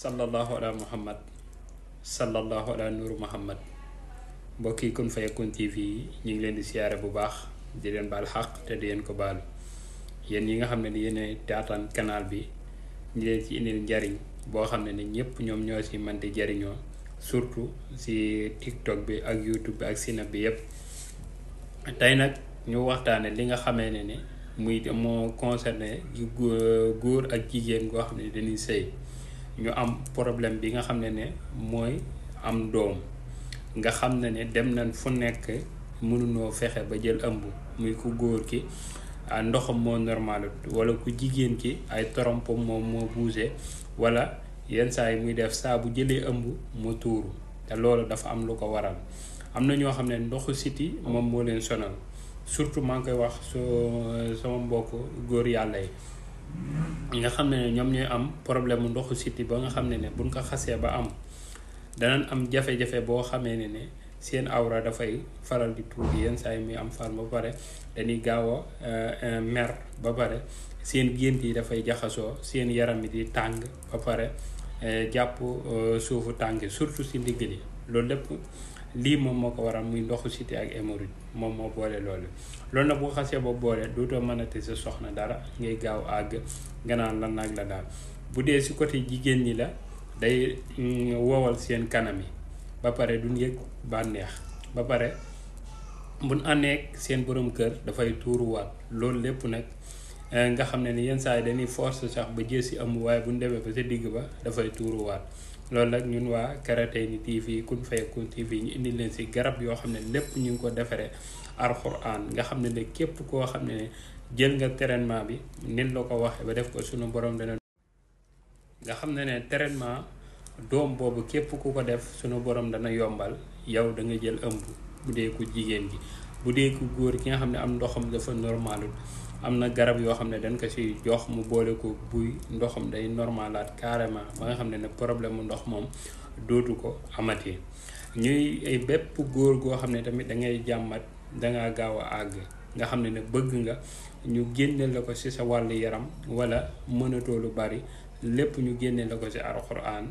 sallallahu ala muhammad sallallahu nuru muhammad mbokk yi Kun Fayakoun TV yi ñu ngi leen di siyaare bu baax di leen baal xaq te di leen ko baalu yéen yi nga xam ne ni yéen taataan canal bi ñu leen ci indil njariñ boo xam ne ni ñëpp ñoom ñoo ci mën di jariñoo surtout si tiktok bi ak youtube bi ak sinab bi yépp tey nag ñu waxtaane li nga xamee ne ne muy moo concerné góor ak jigéen goo xam ne dañuy sëy ñu am problème bi nga xam ne ne mooy am doom nga xam ne ne dem nañ fu nekk mënunoo fexe ba jël ëmb muy ku góor ki ah, ndoxam moo normal wala ku jigéen ki ay torompo moom moo bougé wala yenn saa yi muy def saa bu jëlee ëmb mu tuuru te loolu dafa am lu ko waral am na ñoo xam ne ndoxu siti moom moo leen sonal surtout maa ngi koy wax su sama mbokk góor yàlla yi nga xam ne ñoom ñooy am problème mu ndoxu siti ba nga xam ne ne buñ ko xasee ba am danan am jafe-jafe boo xamee ne ne seen awra dafay faral di tuur yenn saa yi muy am far ba pare dañuy gaaw a euh, euh, mer ba pare seen gént yi dafay jaxasoo seen yaram yi di tàng ba pare euh, jàpp suufu tàng surtout si ndigg li loolu lépp lii moom moo ko waral muy ndoxu cité ak hémorroïde moom moo boole loolu loolu na bu xasee ba boole dootoo mënate sa soxna dara ngay gaaw àgg nga naan lan nag la daal bu dee si côté jigéen ñi la day mm, wowal seen kanam yi ba pare duñ yëg bànneex ba pare buñ àndeek seen borom kër dafay tuuruwaat loolu lépp nag. Eh, nga xam ne ni yenn saa yi dañuy force sax ba jël si am waaye bu ñu demee ba sa digg ba dafay tuuruwaat loolu nag ñun waa Karateyn TV Kun Fayakoun TV ñu indi leen si garab yoo xam ne lépp ñu ngi ko defaree alxuraan nga xam ne ne képp koo xam ne jël nga traitement bi nin la ko waxee ba def ko sunu borom dana nga xam ne ne traitement doom boobu képp ku ko def sunu borom dana yombal yow da nga jël ëmb bu dee ko jigéen gi bu dee ku góor ki nga xam ne am ndoxam dafa normalul am na garab yoo xam ne dañ ko ci jox mu boole ko buy ndoxam day normalaat carrément ba nga xam ne ne problème mu ndox moom dootu ko amati ñuy bépp góor goo xam ne tamit da ngay jàmmat dangaa gaaw a àgg nga xam ne ne bëgg nga ñu génne la ko ci sa wàllu yaram walla mënatoo lu bari lépp ñu génnee la ko ci alquran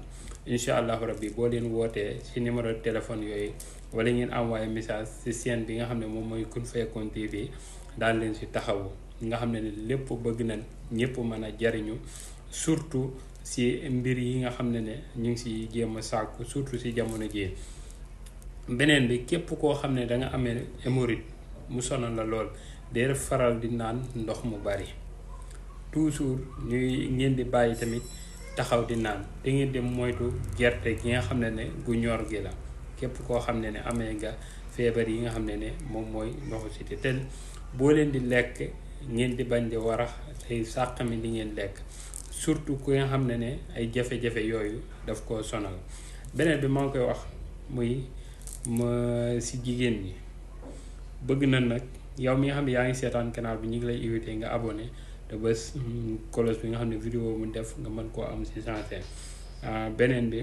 incha allahu rabbi boo leen wootee ci numéro téléphone yooyu wala ngeen envoyé message ci chaîne bi nga xam ne moom mooy Kun Fayakoun TV daal leen ci taxawu nga xam ne lépp bëgg na ñëpp mën a jariñu surtout ci mbir yi nga xam ne ne ñu ngi ci jéem a sàkku surtout ci jamono ji beneen bi képp koo xam ne danga amee hémorroïde mu sonal la lool dee faral di naan ndox mu bari toujours ñuy ngeen di bàyyi tamit taxaw di naan da ngeen di moytu gerte gi nga xam ne ne gu ñor gi la képp koo xam ne ne amee nga feebar yi nga xam ne ne moom mooy ndoxu te boo leen di lekk ngeen di bañ di warax say sàq mi li ngeen lekk surtout ku nga xam ne ne ay jafe-jafe yooyu daf koo sonal beneen bi maa ngi koy wax muy ma si jigéen ñi bëgg na nag yow mi nga xam ne yaa ngi seetaan canal bi ñu ngi lay invité nga abonné te bés kolos mm, bi nga xam ne vidéo mu def nga mën koo am si sensé ah, beneen bi